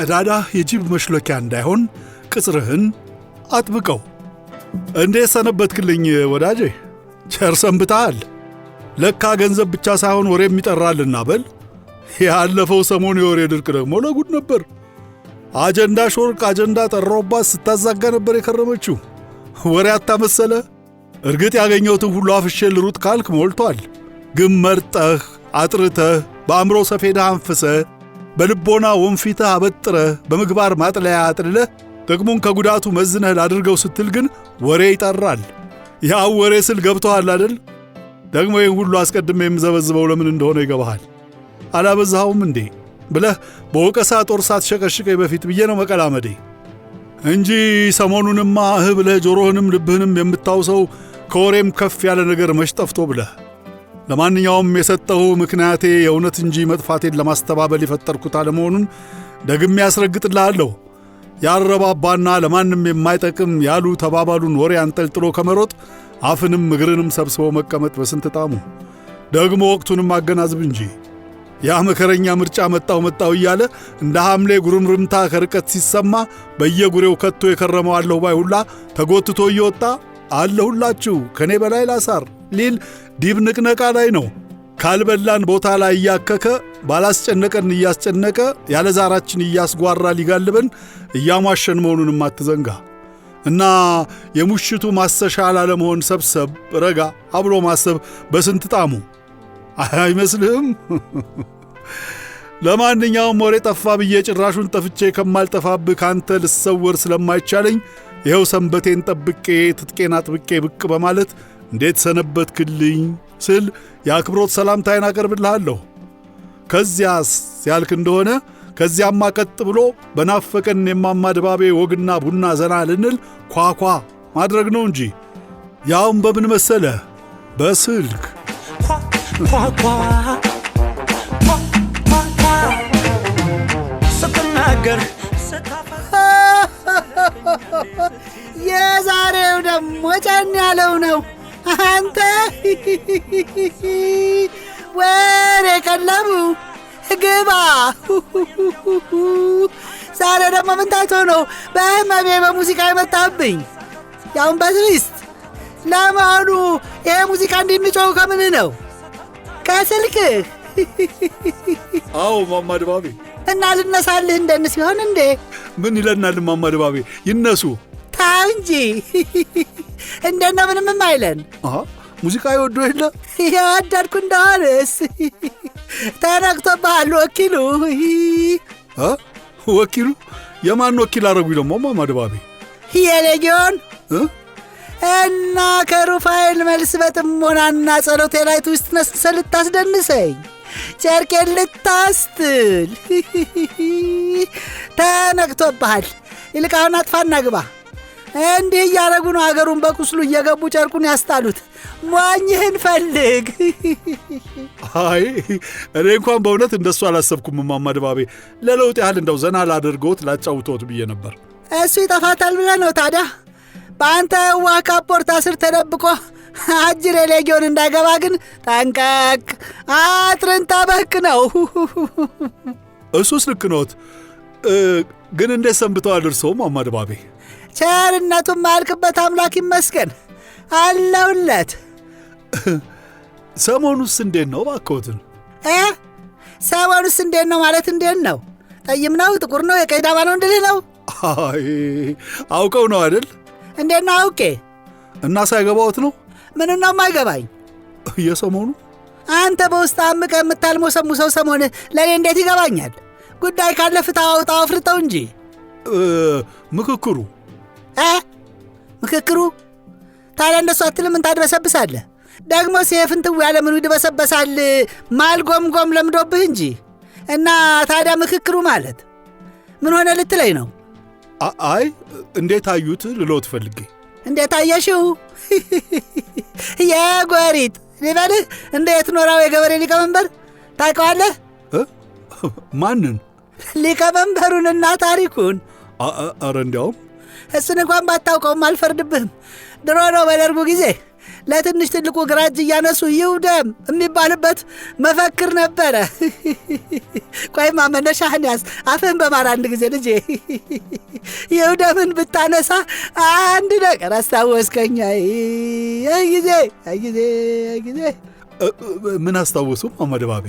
ቀዳዳህ የጅብ መሽሎኪያ እንዳይሆን ቅጽርህን አጥብቀው። እንዴት ሰነበትክልኝ ወዳጄ? ቸር ሰንብተሃል። ለካ ገንዘብ ብቻ ሳይሆን ወሬም ይጠራልና በል። ያለፈው ሰሞን የወሬ ድርቅ ደግሞ ለጉድ ነበር። አጀንዳ ሾርቅ አጀንዳ ጠራውባት ስታዛጋ ነበር የከረመችው። ወሬ አታመሰለ። እርግጥ ያገኘሁትን ሁሉ አፍሼ ልሩጥ ካልክ ሞልቷል። ግን መርጠህ አጥርተህ በአእምሮ ሰፌዳ አንፍሰህ በልቦና ወንፊተህ አበጥረህ በምግባር ማጥለያ አጥልለህ ጥቅሙን ከጉዳቱ መዝነህ ላድርገው ስትል ግን ወሬ ይጠራል። ያው ወሬ ስል ገብቶሃል አደል? ደግሞ ይህን ሁሉ አስቀድሜ የምዘበዝበው ለምን እንደሆነ ይገባሃል። አላበዛኸውም እንዴ ብለህ በወቀሳ ጦር ሳትሸቀሽቀኝ በፊት ብዬ ነው መቀላመዴ እንጂ ሰሞኑንማ እህ ብለህ ጆሮህንም ልብህንም የምታውሰው ከወሬም ከፍ ያለ ነገር መሽጠፍቶ ብለህ ለማንኛውም የሰጠሁ ምክንያቴ የእውነት እንጂ መጥፋቴን ለማስተባበል የፈጠርኩት አለመሆኑን ደግሜ ያስረግጥልሃለሁ። ያረባባና ለማንም የማይጠቅም ያሉ ተባባሉን ወሬ አንጠልጥሎ ከመሮጥ አፍንም እግርንም ሰብስቦ መቀመጥ በስንት ጣሙ። ደግሞ ወቅቱንም አገናዝብ እንጂ ያ መከረኛ ምርጫ መጣው መጣው እያለ እንደ ሐምሌ ጉርምርምታ ከርቀት ሲሰማ በየጉሬው ከቶ የከረመው አለሁ ባይ ሁላ ተጎትቶ እየወጣ አለሁላችሁ ከእኔ በላይ ላሳር ሊል ዲብንቅነቃ ላይ ነው። ካልበላን ቦታ ላይ እያከከ ባላስጨነቀን እያስጨነቀ ያለ ዛራችን እያስጓራ ሊጋልበን እያሟሸን መሆኑንም አትዘንጋ እና የሙሽቱ ማሰሻ ላለመሆን ሰብሰብ ረጋ አብሎ ማሰብ በስንት ጣሙ አይመስልህም? ለማንኛውም ወሬ ጠፋ ብዬ ጭራሹን ጠፍቼ ከማልጠፋብህ ካንተ ልሰወር ስለማይቻለኝ ይኸው ሰንበቴን ጠብቄ ትጥቄን አጥብቄ ብቅ በማለት እንዴት ሰነበትክልኝ ስል የአክብሮት ሰላምታይን አቀርብልሃለሁ። ከዚያስ ሲያልክ እንደሆነ ከዚያማ ቀጥ ብሎ በናፈቀን የማማ ድባቤ ወግና ቡና ዘና ልንል ኳኳ ማድረግ ነው እንጂ ያውም በምን መሰለ በስልክ ስትናገር የዛሬው ደግሞ ጨን ያለው ነው። አንተ ወሬ ቀለቡ ግባ። ዛሬ ደግሞ ምን ታይቶ ነው በህመሜ በሙዚቃ የመጣብኝ ያሁን በትሪስት ለመሆኑ ይሄ ሙዚቃ እንዲሚጮው ከምን ነው? ከስልክህ? አዎ ማማ ድባቤ። እና ልነሳልህ እንደን ሲሆን እንዴ ምን ይለናል ማማ ድባቤ? ይነሱ ታው እንጂ እንደና ምንም አይለን። ሙዚቃ ይወዱ የለ ያዳድኩ እንደሆነስ ተረግቶብሃል ወኪሉ። ወኪሉ የማን ወኪል አረጉኝ ደግሞ እማማ የሌጊዮን እና ከሩፋኤል መልስ በጥሞናና ጸሎቴ ላይ ትውስጥ ነስሰ ልታስደንሰኝ ጨርቄን ልታስትል ተነቅቶብሃል። ይልቅ አሁን አጥፋና ግባ። እንዲህ እያደረጉ ነው ሀገሩን በቁስሉ እየገቡ ጨርቁን ያስጣሉት። ሟኝህን ፈልግ። አይ እኔ እንኳን በእውነት እንደሱ አላሰብኩም ማማ ድባቤ። ለለውጥ ያህል እንደው ዘና ላድርጎት ላጫውቶት ብዬ ነበር። እሱ ይጠፋታል ብለህ ነው ታዲያ? በአንተ ዋ ካፖርታ ስር ተደብቆ አጅር የሌጊዮን እንዳይገባ ግን ጠንቀቅ፣ አጥርን ጠበቅ ነው። እሱስ ልክ ነዎት። ግን እንዴት ሰንብተዋል እርስዎ እማማ ድባቤ? ቸርነቱን ማልክበት አምላክ ይመስገን አለውለት። ሰሞኑስ እንዴት ነው ባኮትን? ሰሞኑስ እንዴት ነው ማለት እንዴት ነው? ጠይም ነው? ጥቁር ነው? የቀይ ዳባ ነው እንድልህ ነው? አይ አውቀው ነው አይደል? እንዴት ነው አውቄ እና ሳይገባዎት ነው? ምን ነው የማይገባኝ? የሰሞኑ አንተ በውስጥ አምቀ ሰው ሰሞን ለእኔ እንዴት ይገባኛል? ጉዳይ ካለ ፍታ አውጣ አፍርጠው እንጂ ምክክሩ ምክክሩ ታዲያ እንደሱ አትልም? ምን ደግሞ ሴፍን ትው ያለ ምኑ ይድበሰበሳል? ማልጎምጎም ለምዶብህ እንጂ እና ታዲያ ምክክሩ ማለት ምን ሆነ ልትለይ ነው? አይ እንዴት አዩት ልሎት ፈልጌ እንዴት አየሽው? የጎሪት ሊበልህ እንዴት ኖራው የገበሬ ሊቀመንበር ታውቀዋለህ? ማንን? ሊቀመንበሩንና ታሪኩን። አረ እንዲያውም እሱን እንኳን ባታውቀውም አልፈርድብህም። ድሮ ነው በደርጉ ጊዜ ለትንሽ ትልቁ ግራ እጅ እያነሱ ይውደም የሚባልበት መፈክር ነበረ። ቆይማ መነሻህን ያዝ፣ አፍህን በማር አንድ ጊዜ ልጄ። ይውደምን ብታነሳ አንድ ነገር አስታወስከኛ። ጊዜ ጊዜ ጊዜ ምን አስታወሱ ማመደባቤ?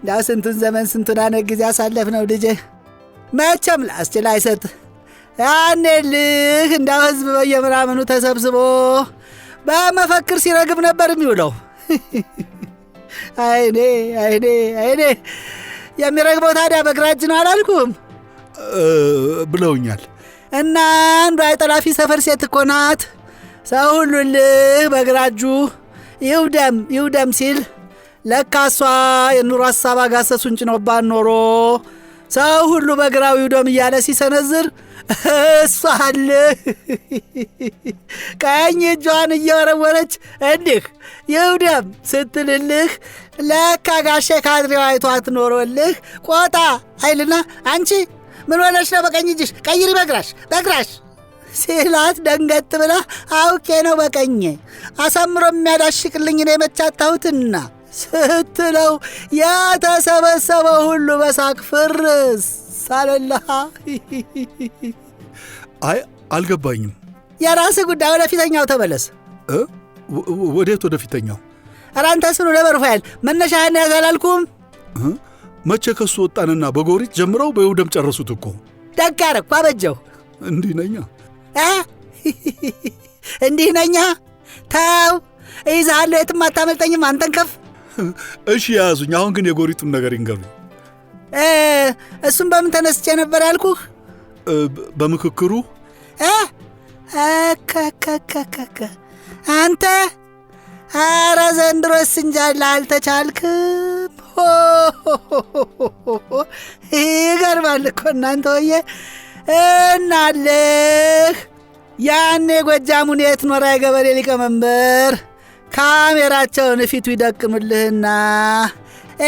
እንዳው ስንቱን ዘመን ስንቱን አነት ጊዜ አሳለፍ ነው ልጄ፣ መቼም ላስችል አይሰጥ ያኔልህ ልህ እንዳው ህዝብ በየምናምኑ ተሰብስቦ በመፈክር ሲረግብ ነበር የሚውለው። አይኔ አይኔ አይኔ የሚረግበው ታዲያ በግራ እጅ ነው አላልኩም ብለውኛል። እና አንዷ የጠላፊ ሰፈር ሴት እኮ ናት። ሰው ሁሉልህ በግራ እጁ ይውደም ይውደም ሲል ለካሷ የኑሮ ሀሳብ አጋሰሱን ጭኖባን ኖሮ ሰው ሁሉ በግራው ይውደም እያለ ሲሰነዝር እሷ አለ ቀኝ እጇን እየወረወረች እንዲህ ይውደም ስትልልህ ለካ ጋሼ ካድሬው አይቷት ኖሮልህ ቆጣ አይልና አንቺ ምን ሆነሽ ነው በቀኝ እጅሽ ቀይሪ በግራሽ በግራሽ ሲላት ደንገት ብላ አውቄ ነው በቀኝ አሳምሮ የሚያዳሽቅልኝ ነው የመቻታሁትና ስትለው የተሰበሰበ ሁሉ በሳቅ ፍርስ ሳለላ አይ አልገባኝም። የራስህ ጉዳይ። ወደፊተኛው ተመለስ። ወዴት? ወደፊተኛው? ራንተ ኧረ ስሩ ለበርፋይል መነሻህን ያዝ አላልኩም? መቼ ከሱ ወጣንና በጎሪት ጀምረው በይሁደም ጨረሱት እኮ። ደግ አደረግኩ፣ አበጀሁ። እንዲህ ነኛ እንዲህ ነኛ። ተው እይዝሃለሁ፣ የትም አታመልጠኝም። አንተን ከፍ እሺ፣ የያዙኝ አሁን ግን የጎሪቱን ነገር ይንገሩ። እሱም በምን ተነስቼ ነበር ያልኩህ? በምክክሩ አንተ አረ ዘንድሮ ስንጃላ አልተቻልክም። ይገርማል እኮ እናንተ ወየ እናልህ ያኔ ጎጃሙን የት ኖራ የገበሬ ሊቀመንበር ካሜራቸውን ፊቱ ይደቅኑልህና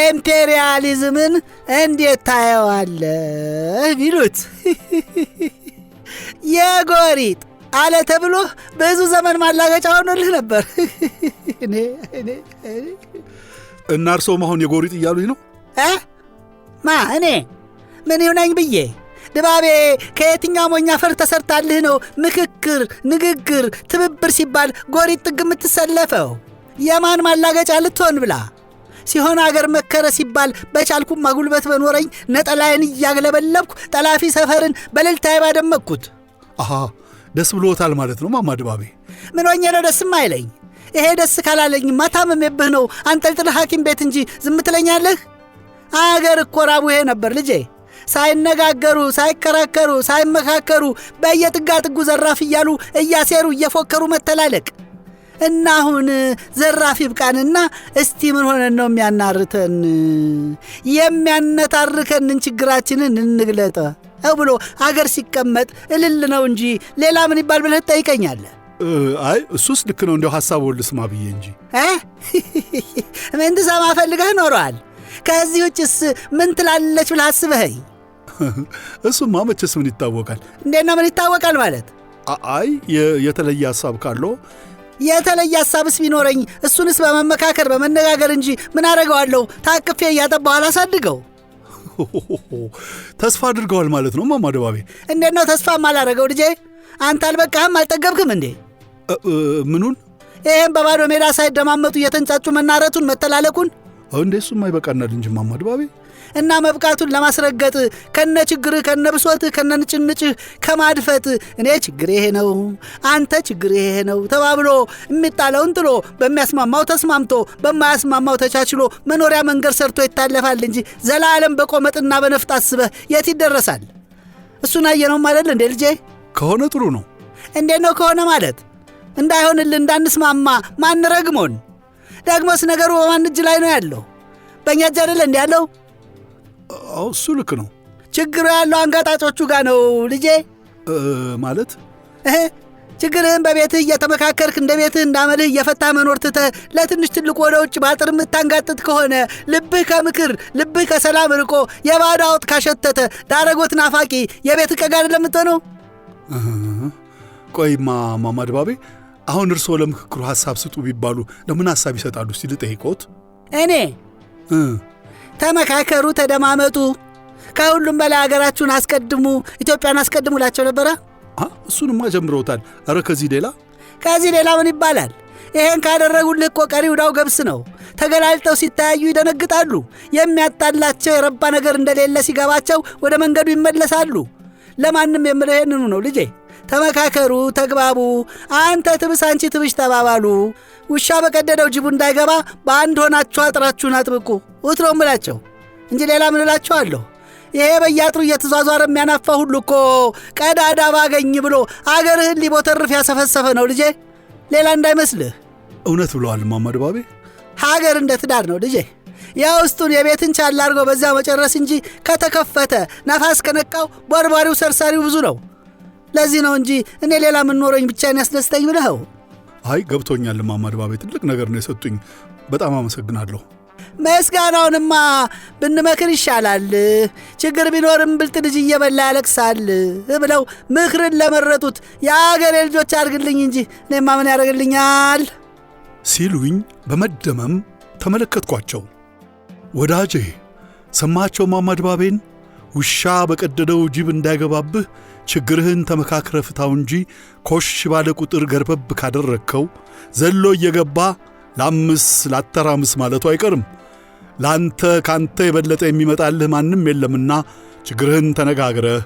ኢምፔሪያሊዝምን እንዴት ታየዋለህ ቢሉት የጎሪጥ አለ ተብሎ ብዙ ዘመን ማላገጫ ሆኖልህ ነበር። እና እርሶ አሁን የጎሪጥ እያሉኝ ነው? ማ እኔ ምን ይሁነኝ ብዬ ድባቤ ከየትኛው ሞኛ ፈር ተሰርታልህ ነው ምክክር፣ ንግግር፣ ትብብር ሲባል ጎሪጥ ጥግ የምትሰለፈው የማን ማላገጫ ልትሆን ብላ ሲሆን አገር መከረ ሲባል በቻልኩ ማጉልበት በኖረኝ ነጠላዬን እያግለበለብኩ ጠላፊ ሰፈርን በልልታይ ባደመቅኩት። አሀ ደስ ብሎታል ማለት ነው ማማ ድባቤ? ምን ሆኜ ነው ደስም አይለኝ? ይሄ ደስ ካላለኝ ታምሜብህ ነው አንጠልጥል ሐኪም ቤት እንጂ ዝም ትለኛለህ? አገር እኮ ራቡሄ ነበር ልጄ። ሳይነጋገሩ ሳይከራከሩ ሳይመካከሩ በየጥጋጥጉ ዘራፍ እያሉ እያሴሩ እየፎከሩ መተላለቅ እና አሁን ዘራፍ ይብቃንና እስቲ ምን ሆነን ነው የሚያናርተን? የሚያነታርከንን ችግራችንን እንግለጠ ብሎ አገር ሲቀመጥ እልል ነው እንጂ ሌላ ምን ይባል ብለህ ትጠይቀኛለ። አይ እሱስ ልክ ነው። እንዲያው ወል ስማ ብዬ እንጂ ምን ትሰማ ፈልገህ ኖረዋል? ከዚህ ውጭስ ምን ትላለች ብለህ አስበኸኝ? እሱማ መቼስ ምን ይታወቃል። እንዴና ነው ምን ይታወቃል ማለት? አይ የተለየ ሐሳብ ካለው የተለየ ሀሳብስ ቢኖረኝ እሱንስ በመመካከር በመነጋገር እንጂ ምን አደረገዋለሁ? ታቅፌ እያጠባሁ አላሳድገው። ተስፋ አድርገዋል ማለት ነው ማማ ደባቤ። እንዴት ነው ተስፋም ማላረገው? ልጄ አንተ አልበቃህም? አልጠገብክም እንዴ? ምኑን? ይህም በባዶ ሜዳ ሳይደማመጡ እየተንጫጩ መናረቱን መተላለኩን እንዴ እሱማ ይበቃናል እንጂ ማማ ደባቤ እና መብቃቱን ለማስረገጥ ከነ ችግርህ ከነ ብሶትህ ከነ ንጭንጭህ ከማድፈት እኔ ችግር ይሄ ነው፣ አንተ ችግር ይሄ ነው ተባብሎ የሚጣለውን ጥሎ በሚያስማማው ተስማምቶ በማያስማማው ተቻችሎ መኖሪያ መንገድ ሰርቶ ይታለፋል እንጂ ዘላለም በቆመጥና በነፍጥ አስበህ የት ይደረሳል? እሱን አየነውም አይደል እንዴ ልጄ። ከሆነ ጥሩ ነው። እንዴ ነው ከሆነ ማለት? እንዳይሆንልን እንዳንስማማ ማን ረግሞን? ደግሞስ ነገሩ በማን እጅ ላይ ነው ያለው? በእኛ እጅ አይደለ እንዲ ያለው እሱ ልክ ነው። ችግሩ ያለው አንጋጣጮቹ ጋር ነው ልጄ። ማለት ችግርህን በቤትህ እየተመካከርክ እንደ ቤትህ እንዳመልህ እየፈታ መኖር ትተህ ለትንሽ ትልቁ ወደ ውጭ ባጥር የምታንጋጥጥ ከሆነ ልብህ ከምክር ልብህ ከሰላም ርቆ የባዶ አውጥ ካሸተተ ዳረጎት ናፋቂ የቤትህ ቀጋ አይደለም ቆይማ ማማ ድባቤ አሁን እርስዎ ለምክክሩ ሐሳብ ስጡ ቢባሉ ለምን ሐሳብ ይሰጣሉ? ሲል ጠይቆት እኔ ተመካከሩ፣ ተደማመጡ። ከሁሉም በላይ ሀገራችሁን አስቀድሙ፣ ኢትዮጵያን አስቀድሙ ላቸው ነበረ። እሱንማ ጀምረውታል። ኧረ ከዚህ ሌላ ከዚህ ሌላ ምን ይባላል? ይሄን ካደረጉልህ እኮ ቀሪ ውዳው ገብስ ነው። ተገላልጠው ሲታያዩ ይደነግጣሉ። የሚያጣላቸው የረባ ነገር እንደሌለ ሲገባቸው ወደ መንገዱ ይመለሳሉ። ለማንም የምለው ነው ልጄ። ተመካከሩ፣ ተግባቡ። አንተ ትብስ፣ አንቺ ትብሽ ተባባሉ። ውሻ በቀደደው ጅቡ እንዳይገባ በአንድ ሆናችሁ አጥራችሁን አጥብቁ። ውትሮ ምላቸው እንጂ ሌላ ምን እላችኋለሁ? ይሄ በየአጥሩ እየተዟዟረ የሚያናፋ ሁሉ እኮ ቀዳዳ ባገኝ ብሎ አገርህን ሊቦተርፍ ያሰፈሰፈ ነው ልጄ፣ ሌላ እንዳይመስልህ። እውነት ብለዋል ማማድ ባቤ። ሀገር እንደ ትዳር ነው ልጄ የውስጡን የቤትን ቻል በዚያ መጨረስ እንጂ ከተከፈተ ነፋስ ከነቃው ቦርቧሪው ሰርሳሪው ብዙ ነው። ለዚህ ነው እንጂ እኔ ሌላ ምንኖረኝ ብቻዬን ያስደስተኝ ብለኸው። አይ ገብቶኛል እማማ ድባቤ፣ ትልቅ ነገር ነው የሰጡኝ። በጣም አመሰግናለሁ። መስጋናውንማ ብንመክር ይሻላል። ችግር ቢኖርም ብልጥ ልጅ እየበላ ያለቅሳል ብለው ምክርን ለመረጡት የአገሬ ልጆች አድርግልኝ እንጂ እኔማ ምን ያደርግልኛል ሲሉኝ በመደመም ተመለከትኳቸው። ወዳጄ ሰማቸው ማማ ድባቤን፣ ውሻ በቀደደው ጅብ እንዳይገባብህ ችግርህን ተመካክረ ፍታው እንጂ ኮሽ ባለ ቁጥር ገርበብ ካደረግከው ዘሎ እየገባ ላምስ ላተራምስ ማለቱ አይቀርም። ለአንተ ካንተ የበለጠ የሚመጣልህ ማንም የለምና ችግርህን ተነጋግረህ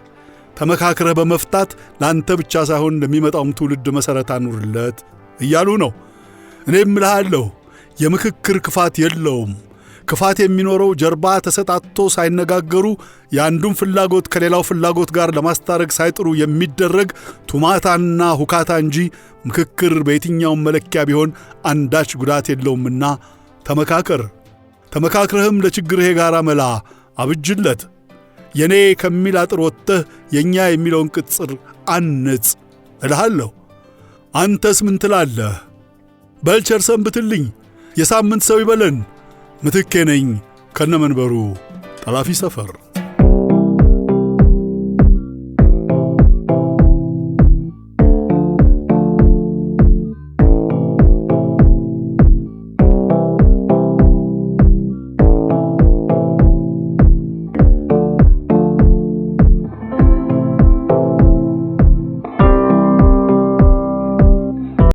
ተመካክረህ በመፍታት ለአንተ ብቻ ሳይሆን ለሚመጣውም ትውልድ መሠረት አኑርለት እያሉ ነው። እኔም እልሃለሁ የምክክር ክፋት የለውም። ክፋት የሚኖረው ጀርባ ተሰጣቶ ሳይነጋገሩ የአንዱን ፍላጎት ከሌላው ፍላጎት ጋር ለማስታረቅ ሳይጥሩ የሚደረግ ቱማታና ሁካታ እንጂ ምክክር በየትኛውም መለኪያ ቢሆን አንዳች ጉዳት የለውምና ተመካከር። ተመካክረህም ለችግርህ የጋራ መላ አብጅለት። የእኔ ከሚል አጥር ወጥተህ የእኛ የሚለውን ቅጽር አንጽ እልሃለሁ። አንተስ ምን ትላለህ? በልቸር ሰንብትልኝ። የሳምንት ሰው ይበለን። ምትኬ ነኝ ከነመንበሩ ጠላፊ ሰፈር